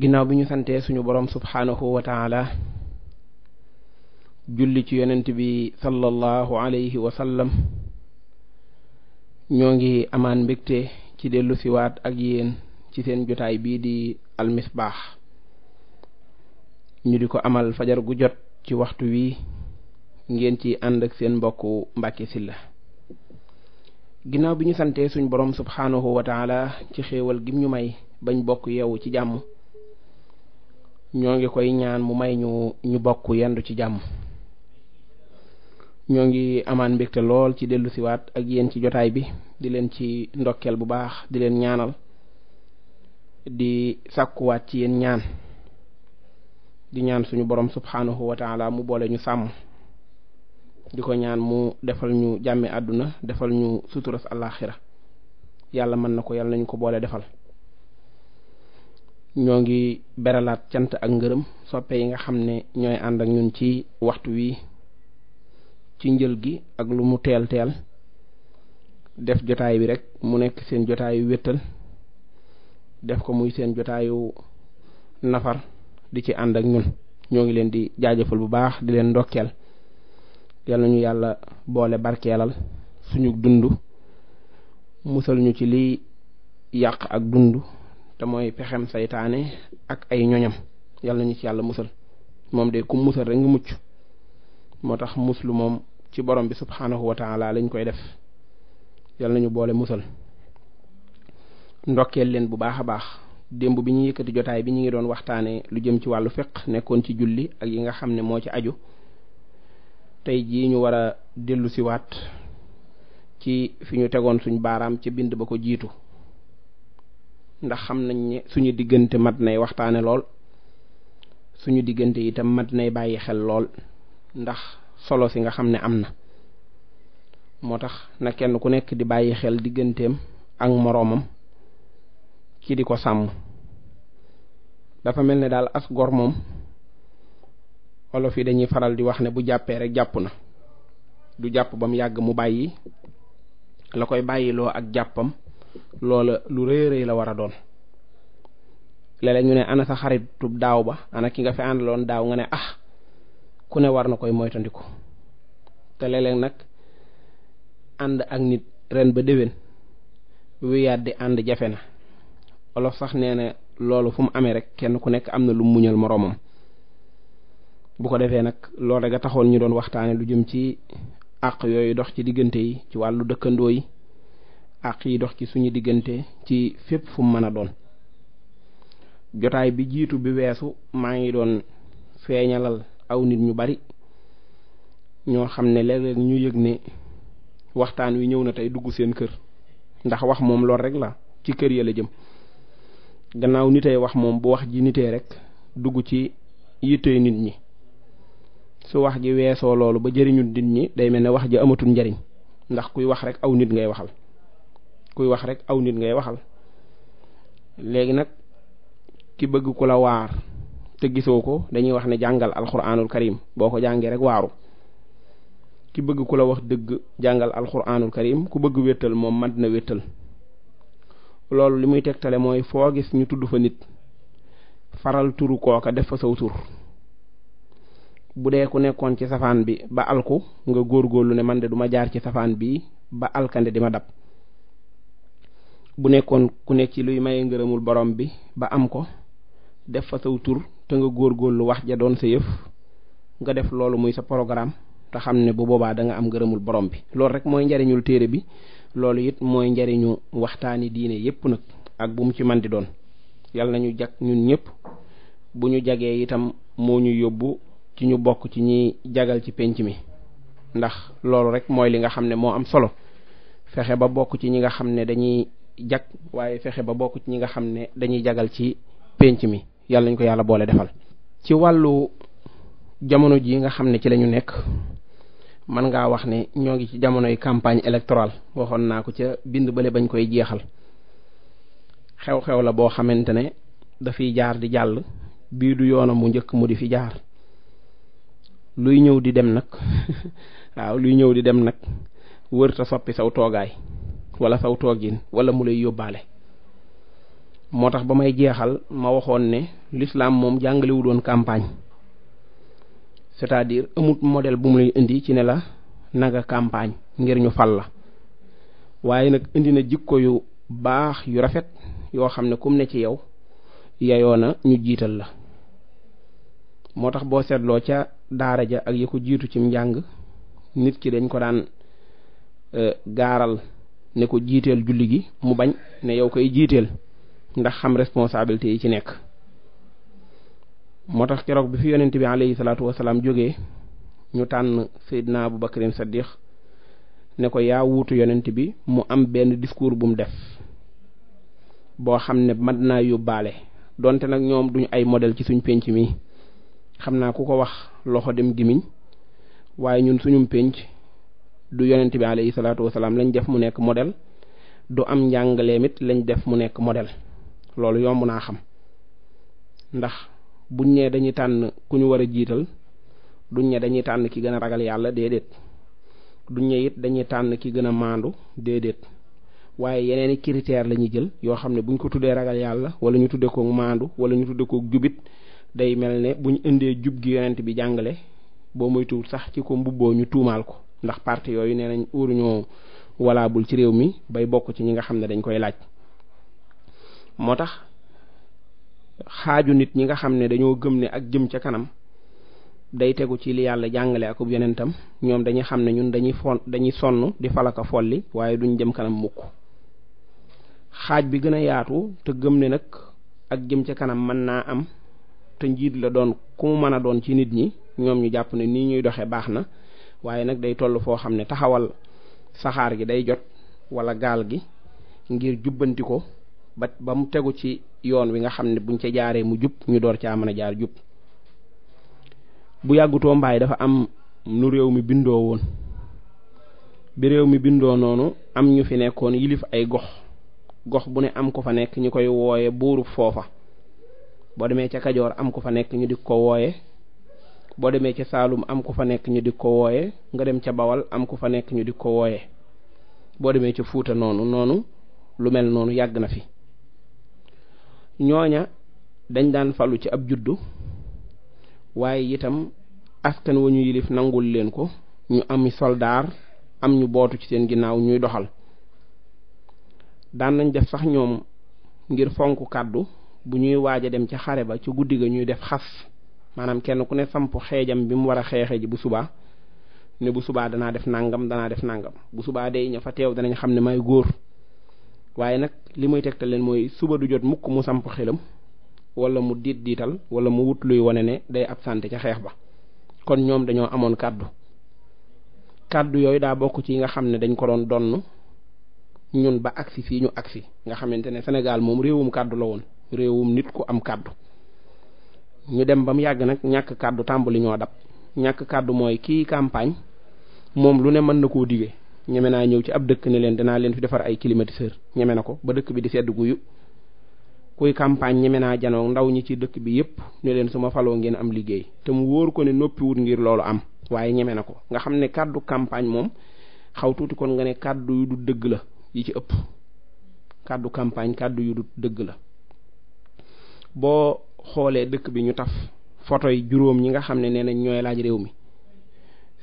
ginnaaw bi ñu santee suñu borom subhaanahu wa taala julli ci yonent bi sallallahu alayhi wa ñoo ngi amaan mbégte ci dellu siwaat ak yéen ci seen jotaay bii di almisbaax ñu di ko amal fajar gu jot ci waxtu wi ngeen ci ànd ak seen mbokku Mbàkke Sylla ginnaaw bi ñu santee suñu borom subhaanahu wa taala ci xéewal gi ñu may bañ bokk yeewu ci jàmm ñoo ngi koy ñaan mu may ñu ñu bokk yendu ci jàmm ñoo ngi amaan mbégte lool ci dellu siwaat ak yéen ci jotaay bi di leen ci ndokkeel bu baax di leen ñaanal di sàkkuwaat ci yéen ñaan di ñaan suñu borom subhanahu wa mu boole ñu sàmm di ko ñaan mu defal ñu jàmme àdduna defal ñu suturas àllaaxira yàlla man na ko yàlla nañu ko boole defal ñoo ngi beralaat cant ak ngërëm soppe yi nga xam ne ñooy ànd ak ñun ci waxtu wi ci njël gi ak lu mu teel teel def jotaay bi rek mu nekk seen jotaayu wéttal def ko muy seen jotaayu nafar di ci ànd ak ñun ñoo ngi leen di jaajëfal bu baax di leen ndokkeel yal nañu yàlla boole barkeelal suñu dund musal ñu ci liy yàq ak dund te mooy pexem seytaane ak ay ñoñam yàlla ñu ci yàlla musal moom de ku musal rek nga mucc moo tax muslu moom ci borom bi subhaanahu wa lañ koy def yàlla nañu boole musal ndokkeel leen bu baax a baax démb bi ñu yëkkati jotaay bi ñu ngi doon waxtaanee lu jëm ci wàllu fiq nekkoon ci julli ak yi nga xam ne moo ci aju tey jii ñu war a dellu siwaat ci fi ñu tegoon suñ baaraam ci bind ba ko jiitu ndax xam nañ ne suñu diggante mat nay waxtaane lool suñu diggante itam mat nay bàyyi xel lool ndax solo si nga xam ne am na moo tax na kenn ku nekk di bàyyi xel digganteem ak moroomam ci di ko sàmm dafa mel ne daal as gor moom olof yi dañuy faral di wax ne bu jàppee rek jàpp na du jàpp ba mu yàgg mu bàyyi la koy bàyyiloo ak jàppam loola lu rëy rëy la war a doon léeg ñu ne ana sa xaritub daaw ba ana ki nga fi àndaloon daaw nga ne ah ku ne war na koy moytandiku te léeg nag ànd ak nit ren ba déwén wiyaat di ànd jafe na olof sax nee na loolu fu mu amee rek kenn ku nekk am na lu mu muñal moroomam bu ko defee nag loolu rek a taxoon ñu doon waxtaane lu jëm ci àq yooyu dox ci diggante yi ci wàllu dëkkandoo yi àq yi dox ci suñu diggante ci fépp fu mu mën a doon jotaay bi jiitu bi weesu maa ngi doon feeñalal aw nit ñu bari ñoo xam ne léeg ñu yëg ne waxtaan wi ñëw na tey dugg seen kër ndax wax moom loolu rek la ci kër ya la jëm gannaaw nitey wax moom bu wax ji nitee rek dugg ci yittee nit ñi su wax ji weesoo loolu ba jëriñul nit ñi day mel ne wax ja amatul njariñ ndax kuy wax rek aw nit ngay waxal kuy wax rek aw nit ngay waxal léegi nag ki bëgg ku la waar te gisoo ko dañuy wax ne jàngal alxuraanul karim boo ko jàngee rek waaru ki bëgg ku la wax dëgg jàngal alxuraanul karim ku bëgg wéttal moom man na wéttal loolu li muy tegtale mooy foo gis ñu tudd fa nit faral turu kooka def fa saw tur bu dee ku nekkoon ci safaan bi ba alku nga góor góorgóorlu ne man de duma jaar ci safaan bi ba alkande di ma dab bu nekkoon ku nekk ci luy maye ngërëmul borom bi ba am ko def fa saw tur te nga góor góorgóorlu wax ja doon sa yëf nga def loolu muy sa programme te xam ne bu boobaa da nga am ngërëmul borom bi loolu rek mooy njariñul téere bi loolu it mooy njariñu waxtaani diine yépp nag ak bu mu ci man di doon yàlla nañu jag ñun ñëpp bu ñu jagee itam moo ñu yóbbu ci ñu bokk ci ñuy jagal ci pénc mi ndax loolu rek mooy li nga xam ne moo am solo fexe ba bokk ci ñi nga jag waaye fexe ba bokk ci ñi nga xam ne dañuy jagal ci pénc mi yàlla ñu ko yàlla boole defal ci wàllu jamono ji nga xam ne ci lañu nekk mën ngaa wax ne ñoo ngi ci jamonoy campagne électorale waxoon naa ko ca bind bale bañ koy jeexal xew-xew la boo xamante ne dafiy jaar di jàll bii du yoonam mu njëkk mu di fi jaar luy ñëw di dem nag waaw luy ñëw di dem nag wër ta soppi saw toogaay wala saw toogin wala mu lay yóbbaale moo tax ba may jeexal ma waxoon ne lislaam moom jàngalewu doon campagne c'est-à-dire amut modèle bu mu lay indi ci ne la naga campagne ngir ñu fal la waaye nag indi na jikko yu baax yu rafet yoo xam ne kum ne ci yow yayoo na ñu jiital la moo tax boo seetloo ca daara ja ak yi ko jiitu cim njàng nit ki dañ ko daan euh, gaaral ne ko jiiteel julli gi mu bañ ne yow koy jiiteel ndax xam responsabilité yi ci nekk moo tax keroog bi fi yonent bi alayhi salaatu wasalaam jógee ñu tànn Seydina Abu Bakrin Saddiq ne ko yaa wuutu yonent bi mu am benn discours bu mu def boo xam ne mën naa yóbbaale donte nag ñoom duñu ay modèle ci suñ penc mi xam naa ku ko wax loxo dem gimiñ waaye ñun suñum penc du yonent bi alayhi salaatu wasalaam lañu def mu nekk model du am njàngaleem it lañ def mu nekk model loolu yomb naa xam ndax buñ ne dañuy tànn ku ñu war a jiital duñ ne dañuy tànn ki gën a ragal yàlla déedéet duñ ne dañuy tànn ki gën a maandu déedéet waaye yeneen i critères la ñuy jël yoo xam ne buñ ko tuddee ragal yàlla wala ñu tuddee koog maandu wala ñu tuddee kook jubit day mel ne bu ñu indee jub gi yonent bi jàngale boo moytuwul sax ci ko mbubboo ñu tuumaal ko ndax parti yooyu nee nañ uuruñoo walaabul ci réew mi bay bokk ci ñi nga xam ne dañ koy laaj moo tax xaaju nit ñi nga xam ne dañoo gëm ne ak jëm ca kanam day tegu ci li yàlla jàngale akub yonentam ñoom dañuy xam ne ñun dañuy fon dañuy sonn di falaka folli waaye duñ jëm kanam mukk xaaj bi gën a yaatu te gëm ne nag ak jëm ca kanam mën naa am te njiit la doon ku mën a doon ci nit ñi ñoom ñu jàpp ne nii ñuy doxee baax na waaye nag day toll foo xam ne taxawal saxaar gi day jot wala gaal gi ngir jubbanti ko ba ba mu tegu ci yoon wi nga xam ne buñ ca jaaree mu jub ñu door caa mën a jaar jub bu yàggutoo mbaay dafa am nu réew mi bindoo woon bi réew mi bindoo noonu am ñu fi nekkoon yilif ay gox gox bu ne am ko fa nekk ñu koy wooye buurub foofa boo demee ca kajoor am ko fa nekk ñu di ko wooye boo demee ca Saalum am ku fa nekk ñu di ko wooye nga dem ca Bawal am ku fa nekk ñu di ko wooye boo demee ca Fuuta noonu noonu lu mel noonu yàgg na fi ñooña dañ daan falu ci ab juddu waaye itam astan wu ñu yilif nangul leen ko ñu am soldaar am ñu bootu ci seen ginnaaw ñuy doxal daan nañ def sax ñoom ngir fonk kàddu bu ñuy waaj a dem ca xare ba ci guddi ga ñuy def xas maanaam kenn ku ne samp xeejam bi mu war a xeexe ji bu subaa ne bu subaa danaa def nangam danaa def nangam bu subaa day ña fa teew danañ xam ne may góor waaye nag li muy tegtal leen mooy suba du jot mukk mu samp xelam wala mu diit diital wala mu wut luy wane ne day ab absenté ca xeex ba kon ñoom dañoo amoon kàddu kàddu yooyu daa bokk ci yi nga xam ne dañ ko doon donn ñun ba agsi fii ñu agsi nga xamante ne Sénégal moom réewum kàddu la woon réewum nit ku am kàddu ñu dem ba mu yàgg nag ñàkk kàddu tàmbali ñoo dab ñàkk kàddu mooy kii campagne moom lu ne mën na koo digee ñeme naa ñëw ci ab dëkk ne leen danaa leen fi defar ay climatiseur ñeme na ko ba dëkk bi di sedd guyu kuy campagne ñeme naa janoo ndaw ñi ci dëkk bi yépp ne leen su ma faloo ngeen am liggéey te mu wóor ko ne noppiwut ngir loolu am waaye ñeme na ko nga xam ne kàddu campagne moom xaw tuuti kon nga ne kàddu yu du dëgg la yi ci ëpp kàddu campagne kàddu yu du dëgg la xoolee dëkk bi ñu taf photo yi juróom ñi nga xam ne nee nañ ñooy laaj réew mi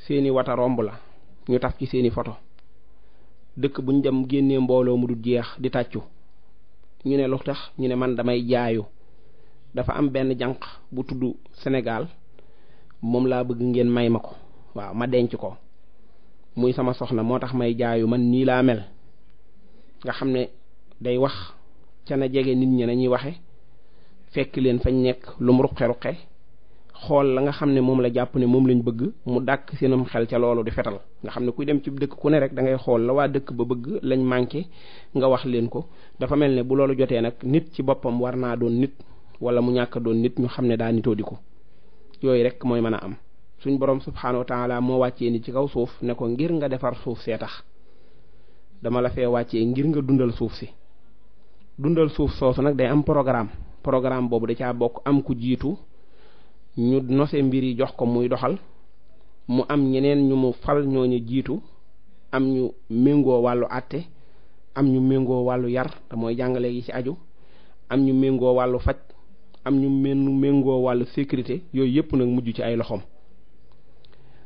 seeni wata romb la ñu taf ci seeni photo dëkk buñ dem génnee mbooloo mu du jeex di tàccu ñu ne lu tax ñu ne man damay jaayu dafa am benn jànq bu tudd senegaal moom laa bëgg ngeen may ma ko waaw ma denc ko muy sama soxna moo tax may jaayu man nii laa mel nga xam ne day wax ca na jege nit ñi ñuy waxe fekk leen fañ nekk lu mu ruqe-ruqe xool la nga xam ne moom la jàpp ne moom lañ bëgg mu dàkk seenam xel ca loolu di fetal nga xam ne kuy dem ci dëkk ku ne rek dangay xool la waa dëkk ba bëgg lañ manqué nga wax leen ko dafa mel ne bu loolu jotee nag nit ci boppam war naa doon nit wala mu ñàkk doon nit ñu xam ne daa nitoo di ko yooyu rek mooy mën a am suñ borom subxanahu wa taala moo wàccee ni ci kaw suuf ne ko ngir nga defar suuf see tax dama la fee wàccee ngir nga dundal suuf si dundal suuf soosu nag day am programme programme boobu da caa bokk am ku jiitu ñu nose mbir yi jox ko muy doxal mu am ñeneen ñu mu fal ñooñu jiitu am ñu méngoo wàllu àtte am ñu méngoo wàllu yar te mooy jàngale yi ci aju am ñu méngoo wàllu faj am ñu menn méngoo wàllu sécurité yooyu yépp nag mujj ci ay loxoom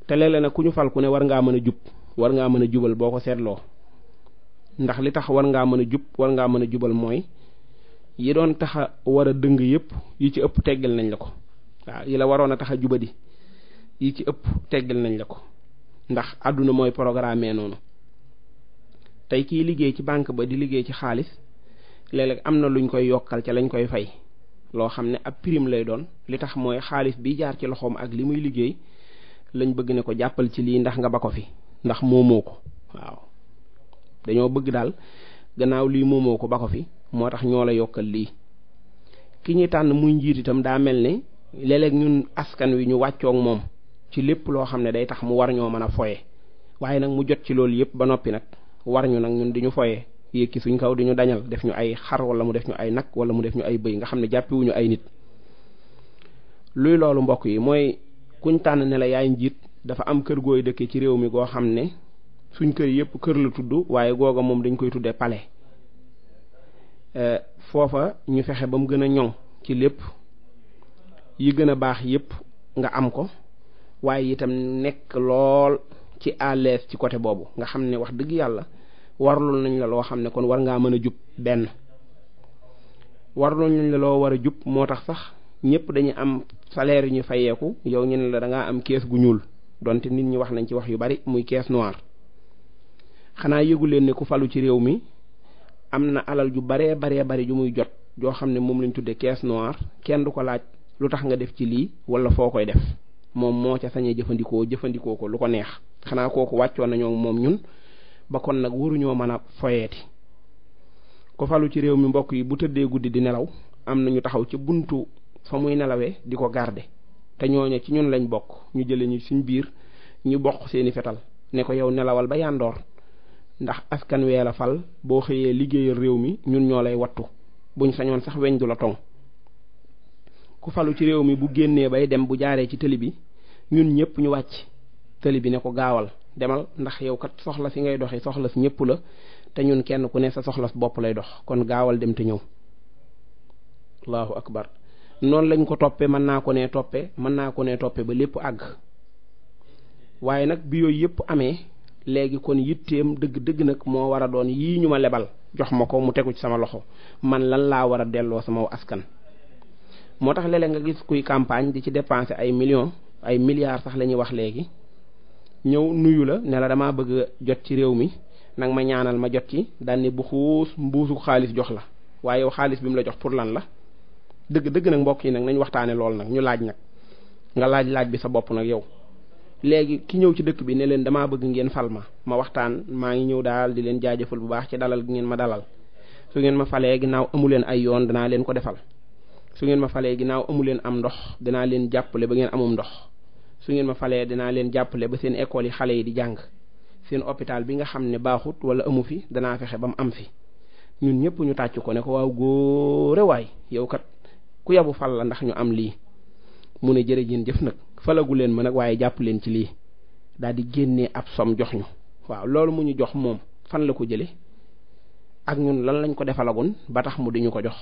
te léeg na ku ñu fal ku ne war ngaa mën a jub war ngaa mën a jubal boo ko seetloo ndax li tax war ngaa mën a jub war ngaa mën a jubal mooy yi doon tax a war a dëng yépp yi ci ëpp teggal nañ la ko waaw yi la waroon a tax a juba di yi ci ëpp teggal nañ la ko ndax àdduna mooy programme noonu tey kiy liggéey ci banque ba di liggéey ci xaalis léeg am na luñ koy yokkal ca lañ koy fay loo xam ne ab prime lay doon li tax mooy xaalis bi jaar ci loxoom ak li muy liggéey lañ bëgg ne ko jàppal ci lii ndax nga ba ko fi ndax moomoo ko waaw dañoo bëgg daal gannaaw lii moomoo ko ba ko fi moo tax ñoo la yokkal lii ki ñuy tànn muy njiit itam daa mel ni léeg ñun askan wi ñu wàccoog moom ci lépp loo xam ne day tax mu war ñoo mën a foye waaye nag mu jot ci loolu yépp ba noppi nag war ñu nag ñun di ñu foye yékki suñ kaw di ñu dañal def ñu ay xar wala mu def ñu ay nag wala mu def ñu ay bëy nga xam ne jàppiwuñu ay nit luy loolu mbokk yi mooy kuñ tànn ne la yaay njiit dafa am kër gooy dëkkee ci réew mi goo xam ne suñ kër yépp kër la tudd waaye googa moom dañ koy tuddee palais Eh, foofa ñu fexe ba mu gën a ñoŋ ci lépp yi gën a baax yépp nga am ko waaye itam nekk lool ci à ci côté boobu nga xam ne wax dëgg yàlla warlul nañ la loo xam ne kon war ngaa mën a jub benn warlul nañ la loo war a jub moo tax sax ñépp dañu am salaire yu ñu fayeeku yow ñu la da ngaa am kees gu ñuul donte nit ñi wax nañ ci wax yu bari muy kees noir xanaa yëgu ne ku falu ci réew mi am na alal yu baree baree bari ju muy jot joo xam ne moom lañ tuddee kees noire kenn du ko laaj lu tax nga def ci lii wala foo koy def moom moo ca sañe jëfandikoo jëfandikoo ko lu ko neex xanaa kooku wàccoon nañoo moom ñun ba kon nag waruñoo mën a foyeeti ko falu ci réew mi mbokk yi bu tëddee guddi di nelaw am na ñu taxaw ci buntu fa muy nelawee di ko garder te ñooñu ci ñun lañ bokk ñu jëlee ñu suñ biir ñu bokk seeni fetal ne ko yow nelawal ba yàndoor ndax askan wee la fal boo xëyee liggéeyal réew mi ñun ñoo lay wattu buñ sañoon sax weñ du la toŋ ku falu ci réew mi bu génnee bay dem bu jaaree ci tëli bi ñun ñëpp ñu wàcc tëli bi ne ko gaawal demal ndax yow kat soxla si ngay doxi soxla si ñëpp la te ñun kenn ku ne sa soxla bopp lay dox kon gaawal dem te ñëw allahu akbar noonu lañ ko toppe mën naa ko ne toppe mën naa ko ne toppe ba lépp àgg waaye nag bi yooyu yëpp amee léegi kon yitteem dëgg-dëgg nag moo war a doon yii ñu ma lebal jox ma ko mu tegu ci sama loxo man lan laa war a delloo sama askan moo tax léeg-léeg nga gis kuy campagne di ci dépenser ay millions ay milliards sax la ñuy wax léegi ñëw nuyu la ne la damaa bëgg jot ci réew mi nag ma ñaanal ma jot ci daan ne bu xuus mbuusu xaalis jox la waaye xaalis bi mu la jox pour lan la dëgg dëgg nag mbokk yi nag nañ waxtaane lool nag ñu laaj nag nga laaj laaj bi sa bopp nag yow léegi ki ñëw ci dëkk bi ne leen damaa bëgg ngeen fal ma ma waxtaan maa ngi ñëw daal di leen jaajëfal bu baax ci dalal gi ngeen ma dalal su ngeen ma falee ginnaaw amu leen ay yoon danaa leen ko defal su ngeen ma falee ginnaaw amu leen am ndox danaa leen jàppale ba ngeen amum ndox su ngeen ma falee danaa leen jàppale ba seen école yi xale yi di jàng seen hôpital bi nga xam ne baaxut wala amu fi danaa fexe ba mu am fi ñun ñëpp ñu tàcc ko ne ko waaw góore waay yow kat ku yabu fal la ndax ñu am lii mu ne jërëjëf nag falagu leen ma nag waaye jàpp leen ci lii daal di génnee ab som jox ñu waaw loolu mu ñu jox moom fan la ko jële ak ñun lan lañ ko defalagun ba tax mu di ñu ko jox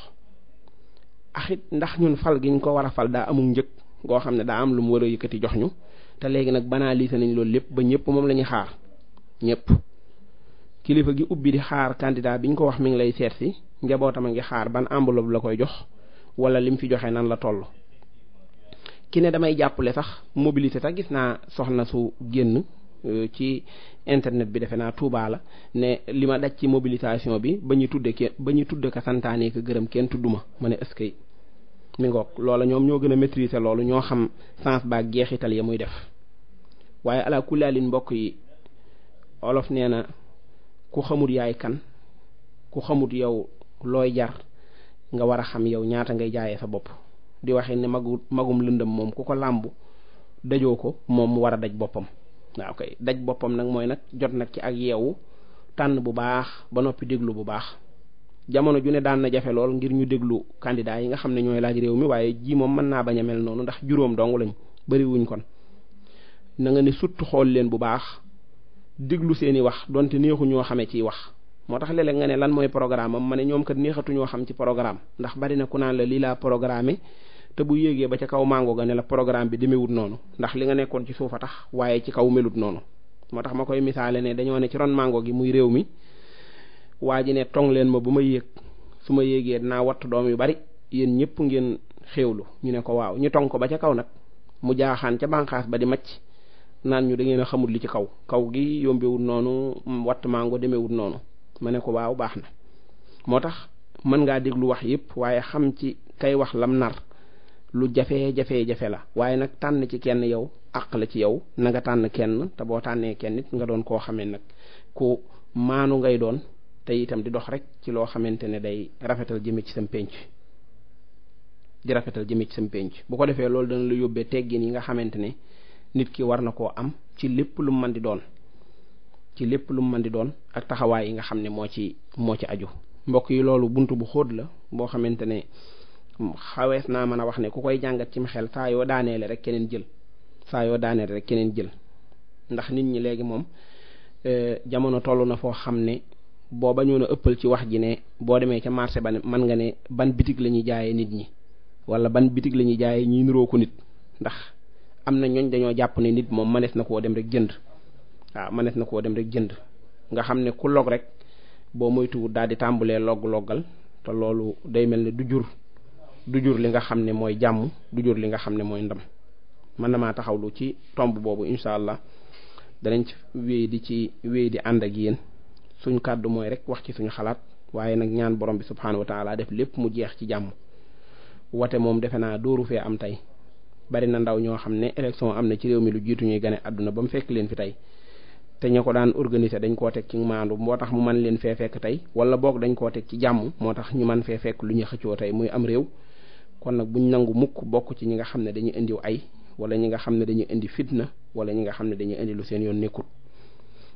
axit ndax ñun fal gi ñu ko war a fal daa amul njëg goo xam ne daa am lu mu war a yëkkati jox ñu te léegi nag banaa banalisé nañ loolu lépp ba ñëpp moom la ñuy xaar ñëpp kilifa gi ubbi di xaar candidat bi ñu ko wax mi ngi lay seet si njabootam a ngi xaar ban enveloppe la koy jox wala lim fi joxe nan la toll ci ne damay jàppale sax mobilité sax gis naa soxna su génn euh, ci internet bi defe naa Touba la ne li ma daj ci mobilisation bi ba ñu tudd kenn ba ñu tudd ka santaanee ko gërëm kenn tudd ma ma ne ëskay mi ngoog loola ñoom ñoo gën a maîtriser loolu ñoo xam sens baag jeexital ya muy def waaye ala kulaalin mbokk yi olof nee na ku xamut yaay kan ku xamut yow looy jar nga war a xam yow ñaata ngay jaayee sa bopp di waxee ne magu magum lëndëm moom ku ko làmb dajoo ko moom mu war a daj boppam waaw kay daj boppam nag mooy nag jot nag ci ak yeewu tànn bu baax ba noppi déglu bu baax jamono ju ne daan na jafe lool ngir ñu déglu candidat yi nga xam ne ñooy laaj réew mi waaye jii moom mën naa bañ a mel noonu ndax juróom dong lañ bariwuñ kon na nga ne sutt xool leen bu baax déglu seeni wax donte neexu ñoo xamee ciy wax moo tax léeg-léeg nga ne lan mooy programme am ma ne ñoom kat neexatu xam ci programme te bu yéegee ba ca kaw mango ga ne la programme bi demewut noonu ndax li nga nekkoon ci suuf a tax waaye ci kaw melut noonu moo tax ma koy misaale ne dañoo ne ci ron mango gi muy réew mi waa ji ne tong leen ma bu ma yéeg su ma yéegee dinaa watt doom yu bari yéen ñëpp ngeen xéewlu ñu ne ko waaw ñu tong ko ba ca kaw nag mu jaaxaan ca banqaas ba di macc naan ñu da ngeen a xamut li ci kaw kaw gi yombewut noonu watt mango demewut noonu ma ne ko waaw baax na moo tax mën ngaa déglu wax yépp waaye xam ci kay wax lam nar lu jafe jafee jafe la waaye nag tànn ci kenn yow àq la ci yow na nga tànn kenn te boo tànnee kenn nit nga doon koo xamee nag ku maanu ngay doon te itam di dox rek ci loo xamante ne day rafetal jëme ci sam penc di rafetal jëme ci sam penc bu ko defee loolu dana la yóbbee teggin yi nga xamante ne nit ki war na koo am ci lépp lu mën di doon ci lépp lu mën di doon ak taxawaay yi nga xam ne moo ci moo ci aju mbokk yi loolu bunt bu xóot la boo xamante xawees naa mën a wax ne ku koy jàngat cim xel saa yoo daaneele rek keneen jël saa yoo daaneele rek keneen jël ndax nit ñi léegi moom euh, jamono toll na foo xam ne booba bañoon a ëppal ci wax ji ne boo demee ca marché ba mën nga ne ban bitig la ñuy jaayee nit ñi wala ban bitig la ñuy jaayee ñuy niroo ko nit ndax am na ñooñ dañoo jàpp ne nit moom mënees na koo dem rek jënd waaw mënees na koo dem rek jënd nga xam ne ku log rek boo moytuwul daal di tàmbulee logg loolu day mel ne du jur du jur li nga xam ne mooy jàmm du jur li nga xam ne mooy ndam man na maa taxawlu ci tomb boobu incha allah danañ ci wéy di ci wéy di ànd ak yéen suñu kàddu mooy rek wax ci suñu xalaat waaye nag ñaan borom bi subhanahu wa taala def lépp mu jeex ci jàmm wate moom defe naa dooru fee am tey bari na ndaw ñoo xam ne élection am na ci réew mi lu jiitu ñuy gane àdduna ba mu fekk leen fi tey te ña ko daan organiser dañ koo teg ci maandu moo tax mu mën leen fee fekk tey wala boog dañ koo teg ci jàmm moo tax ñu mën fee fekk lu ñu xëccoo tey muy am réew kon nag buñ nangu mukk bokk ci ñi nga xam ne dañuy indiw ay wala ñi nga xam ne dañuy indi fitna wala ñi nga xam ne dañuy indi seen yoon nekkul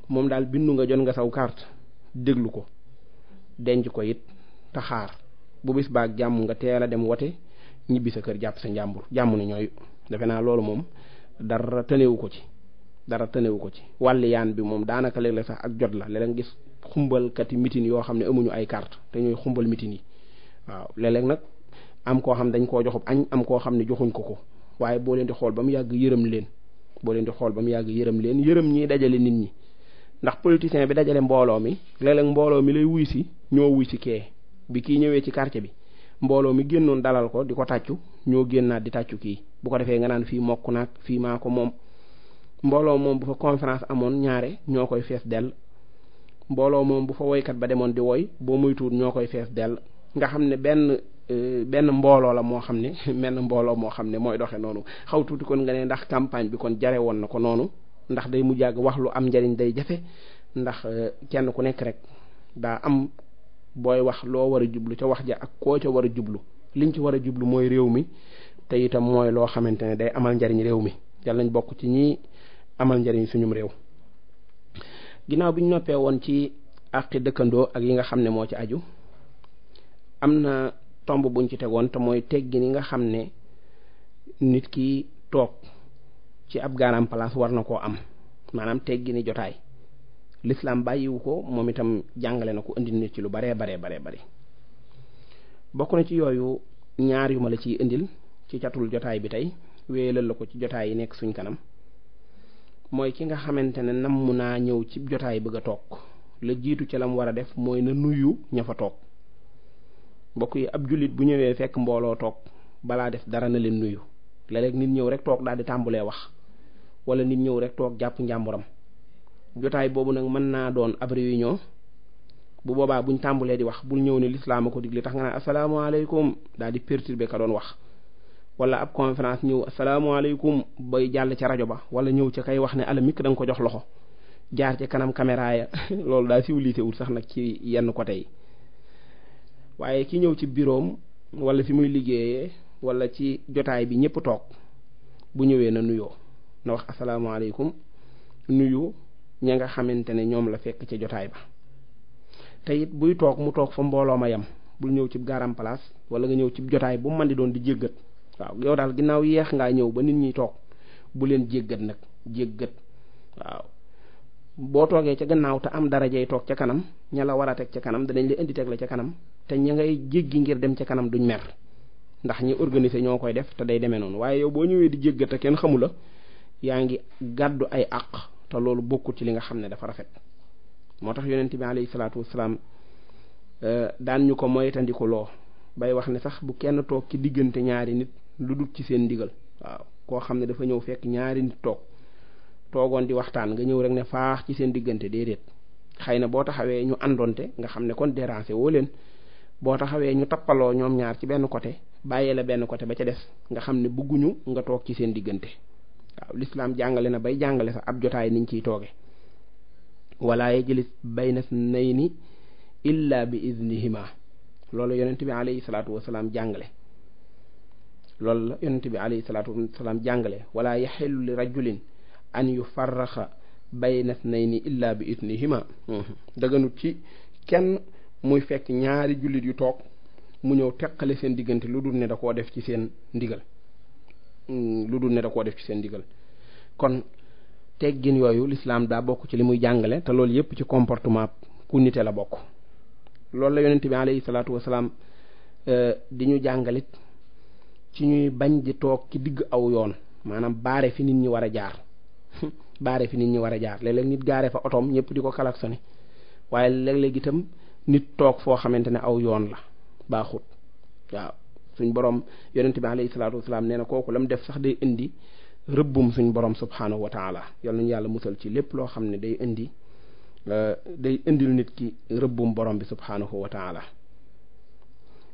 moom daal bindu nga jot nga saw carte déglu ko denc ko it taxaar bu bis baag jàmm nga teel a dem wote ñibbi sa kër jàpp sa njàmbur jàmm na ñooyu defe naa loolu moom dara tënewu ko ci dara tënewu ko ci wàlli yaan bi moom daanaka léeg-léeg sax ak jot la léeg-léeg gis xumbalkati mitin yoo xam ne amuñu ay carte te ñooy xumbal mitin yi nag am koo xam dañ koo joxub añ am koo xam ne joxuñ ko ko waaye boo leen di xool ba mu yàgg yërëm leen boo leen di xool ba mu yàgg yërëm leen yërëm ñiy dajale nit ñi ndax politicien bi dajale mbooloo mi léeg mbooloo mi lay wuy si ñoo si kee bi kii ñëwee ci quartier bi mbooloo mi génnoon dalal ko di ko tàccu ñoo génnaat di tàccu kii bu ko defee nga naan fii mokk naag fii maa ko moom mbooloo moom bu fa conférence amoon ñaare ñoo koy fees dell mbooloo moom bu fa woykat ba demoon di woy boo moytuwul ñoo koy fees dell nga xam ne Euh, benn mbooloo la moo xam ne menn mbooloo moo xam ne mooy doxe noonu xaw tuuti kon nga ne ndax campagne bi kon jare woon na ko noonu ndax day mu jàgg wax lu am njariñ day jafe ndax euh, kenn ku nekk rek daa am booy wax loo war a jublu ca wax ja ak koo ca war a jublu liñ ci war a jublu mooy réew mi te itam mooy loo xamante ne day amal njariñ réew mi yàlla nañ bokk ci ñi amal njariñ suñum réew ginnaaw bi ñu noppee woon ci àqi dëkkandoo ak yi nga xam ne moo ci aju tomb buñ ci tegoon te mooy teggi ni nga xam ne nit ki toog ci ab garam place war na koo am maanaam teggi ni jotaay lislaam bàyyiwu ko moom itam jàngale na ko indi nit ci lu baree baree baree bari bokk na ci yooyu ñaar yu ma la ciy indil ci catul jotaay bi tey wéyalal la ko ci jotaay yi nekk suñ kanam mooy ki nga xamante ne namm naa ñëw ci jotaay bëgg a toog la jiitu ca lam war a def mooy na nuyu ña fa toog mbokk yi ab jullit bu ñëwee fekk mbooloo toog balaa def dara na leen nuyu léeg-léeg nit ñëw rek toog daal di tàmbulee wax wala nit ñëw rek toog jàpp njàmburam jotaay boobu nag mën naa doon ab réunion bu boobaa buñ tàmbulee di wax bul ñëw ni lislaam a ko digle tax nga naan asalaamaaleykum daal di perturber ka doon wax wala ab conférence ñëw asalaamaaleykum bay jàll ca rajo ba wala ñëw ca kay wax ne ala mikk da nga ko jox loxo jaar ca kanam caméra ya loolu daa siwliite wut sax nag ci yenn côté yi waaye ki ñëw ci biroom wala fi muy liggéeyee walla ci jotaay bi ñëpp toog bu ñëwee na nuyoo na wax asalaamaaleykum nuyu ña nga xamante ne ñoom la fekk ca jotaay ba te it buy toog mu toog fa mbooloo ma yem bul ñëw ci garam place wala nga ñëw ci jotaay bu man di doon di jéggat waaw yow daal ginnaaw yeex ngaa ñëw ba nit ñi toog bu leen jéggat nag jéggat waaw boo toogee ca gannaaw te am dara darajey toog ca kanam ña la war teg ca kanam danañ la indi teg la ca kanam te ña ngay jéggi ngir dem ca kanam duñ mer ndax ñi organiser ñoo koy def te day demee noonu waaye yow boo ñëwee di jégga te kenn xamu la yaa ngi gàddu ay àq te loolu bokkul ci li nga xam ne dafa rafet moo tax yonent bi alayhi salaatu wasalaam euh, daan ñu ko moytandikuloo bay wax ne sax bu kenn toog ci diggante ñaari nit lu dul ci seen ndigal waaw koo xam ne dafa ñëw fekk ñaari nit toog toogoon di waxtaan nga ñëw rek ne faax ci seen diggante déedéet xëy na boo taxawee ñu àndoonte nga xam ne kon déranger woo leen boo taxawee ñu tappaloo ñoom ñaar ci benn côté bàyyee la benn côté ba ca des nga xam ne bëgguñu nga toog ci seen diggante waaw lislaam jàngale na bay jàngale sax ab jotaay niñ ciy tooge wala yajlis bayna ni illa bi idnihima loolu yonent bi alayhi salaatu wasalaam jàngale loolu la yonent bi alayhi salaatu wasalaam jàngale wala yaxillu an yu farraxa bayna ni illa bi itnihima daganut ci kenn muy fekk ñaari jullit yu toog mu ñëw teqale seen diggante lu dul ne da koo def ci seen ndigal mm, lu dul ne koo def ci seen ndigal kon teggin yooyu lislaam daa bokk ci li muy jàngale te loolu yépp ci comportement ku nite la bokk loolu la yonente bi alayhi salaatu euh, di ñu jàngalit ci ñuy bañ di toog ki digg aw yoon maanaam baare fi nit ñi war a jaar baare fi nit ñi war a jaar léeg-léeg nit gaare fa otoom ñëpp di ko kalaksone waaye léeg-léeg itam nit toog foo xamante ne aw yoon la baaxut waaw suñ borom yonent bi alayhi salaatu nee na kooku lam def sax day indi rëbbum suñ borom subhaanahu wa taala yal nañu yàlla musal ci lépp loo xam ne day indi euh, day indil nit ki rëbbum borom bi subhaanahu wa taala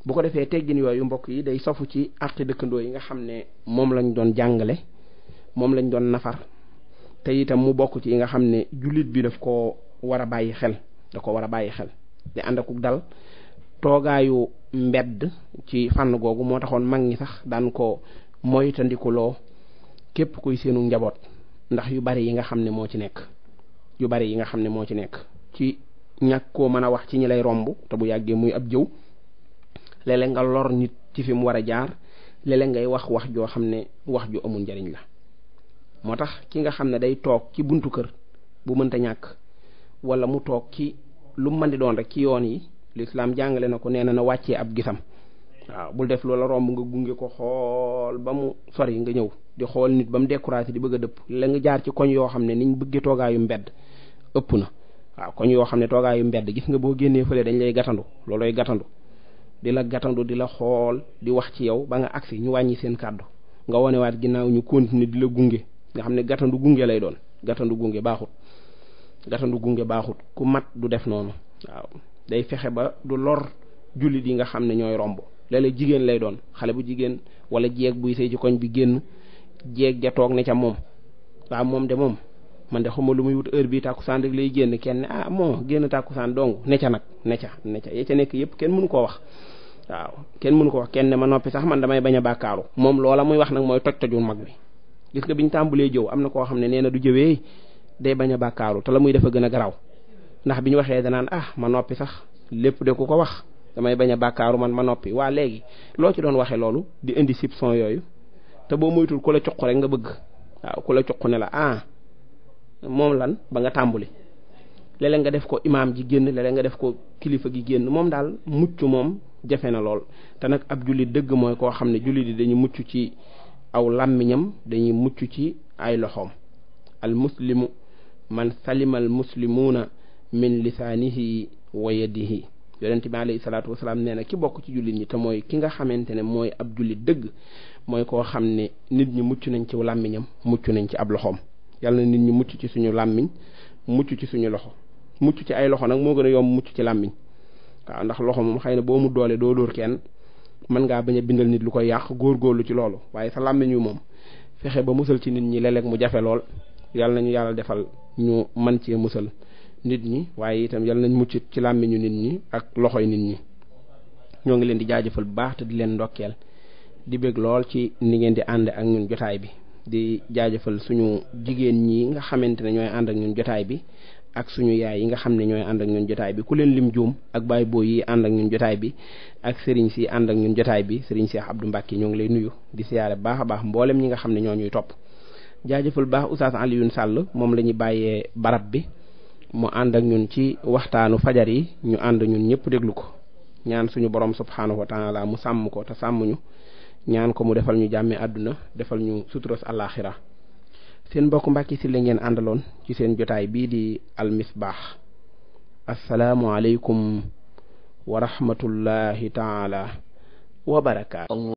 bu ko defee teggin yooyu mbokk yi day sofu ci àqi dëkkandoo yi nga xam ne moom lañ doon jàngale moom lañ doon nafar te itam mu bokk ci yi nga xam ne jullit bi daf ko war a bàyyi xel da ko war a bàyyi xel te ànd ak dal toogaayu mbedd ci fànn googu moo taxoon mag ñi sax daan ko moytandikuloo képp kuy seenu njaboot ndax yu bari yi nga xam ne moo ci nekk yu bari yi nga xam ne moo ci nekk ci ñàkk ko mën a wax ci ñi lay romb te bu yàggee muy ab jëw léeg nga lor nit ci fi mu war a jaar léeg ngay wax wax joo xam ne wax ju amul njariñ la moo tax ki nga xam ne day toog ci buntu kër bu mënta ñàkk wala mu toog ci lu mën di doon rek ci yoon yi lislaam jàngale na ko nee na na wàccee ab gisam waaw bu def loola romb nga gunge ko xool ba mu sori nga ñëw di xool nit ba mu découragé di bëgg a dëpp la nga jaar ci koñ yoo xam ne ni ñu bëggee toogaayu mbedd ëpp na waaw koñ yoo xam ne toogaayu mbedd gis nga boo génnee fële dañ lay gatandu loolooy gatandu di la gatandu di la xool di wax ci yow ba nga agsi ñu wàññi seen kàddu nga wonewaat ginnaaw ñu continuer di la gunge nga xam ne gàttandu gunge lay doon gàttandu gunge baaxut gàttandu gunge baaxut ku mat du def noonu waaw day fexe ba du lor jullit yi nga xam ne ñooy romb léeg-léeg jigéen lay doon xale bu jigéen wala jeeg buy sëy ci koñ bi génn jeeg ja toog ne ca moom waaw moom de moom man de xawma lu muy wut heure bi tàkkusaan rek lay génn kenn ah moo génn tàkkusaan dong ne ca nag ne ca ne ca ya ca nekk yépp kenn mënu koo wax waaw kenn mënu ko wax kenn ma noppi sax man damay bañ a bàkkaaru gis nga bi ñu tàmbalee jëw am na koo xam ne nee na du jëwee day bañ a bàkkaaru te la muy a gën a garaw ndax bi ñu waxee danaan ah ma noppi sax lépp de ku ko wax damay bañ a bàkkaaru man ma noppi waa léegi loo ci doon waxee loolu di indi soupçon yooyu te boo moytul ku la cuq rek nga bëgg waaw ku la cuq ne la ah moom lan ba nga tàmbali léeg nga def ko imaam ji génn léeg nga def ko kilifa gi génn moom daal mucc moom jafe na lool te nag ab jullit dëgg mooy koo xam ne jullit yi dañu mucc ci aw làmmiñam dañuy mucc ci ay loxoom al muslimu man salima al muslimuuna min lisaanihi wa yadihi yonent bi alayhi salaatu wasalaam nee na ki bokk ci jullit ñi te mooy ki nga xamante ne mooy ab jullit dëgg mooy koo xam ne nit ñi mucc nañ ci làmmiñam mucc nañ ci ab loxoom yàlla na nit ñi mucc ci suñu làmmiñ mucc ci suñu loxo mucc ci ay loxo nag moo gën a yomb mucc ci làmmiñ waaw ndax loxo moom xëy na boo mu doole doo dóor kenn mën ngaa bañ a bindal nit lu ko yàq góor góorlu ci loolu waaye sa làmmiñu moom fexe ba musal ci nit ñi léeg mu jafe lool yàlla ñu yàlla defal ñu man ci musal nit ñi waaye itam yàlla nañ mucc ci làmmiñu nit ñi ak loxo loxoy nit ñi ñoo ngi leen di jaajëfal bu baax te di leen ndokkeel di bég lool ci ni ngeen di ànd ak ñun jotaay bi di jaajëfal suñu jigéen ñi nga xamante ne ñooy ànd ak ñun jotaay bi ak suñu yaay yi nga xam ne ñooy ànd ak ñun jotaay bi ku leen lim juum ak baay booy yi ànd ak ñun jotaay bi ak sëriñ si ànd ak ñun jotaay bi sëriñ Cheikh Abdou Mbacke ñoo ngi lay nuyu di siyaare baax a baax mboolem ñi nga xam ne ñoo ñuy topp jaajëfal baax Oustaz Alioune sàll moom la ñu bàyyee barab bi mu ànd ak ñun ci waxtaanu fajar yi ñu ànd ñun ñëpp déglu ko ñaan suñu borom subhaanahu wa taala mu sàmm ko te sàmm ñu ñaan ko mu defal ñu jàmmee àdduna defal ñu suturos seen mbokk si la ngeen àndaloon ci seen jotaay bii di almisbaax asalaamualeykum wa rahmatullahi taala wa barakaatu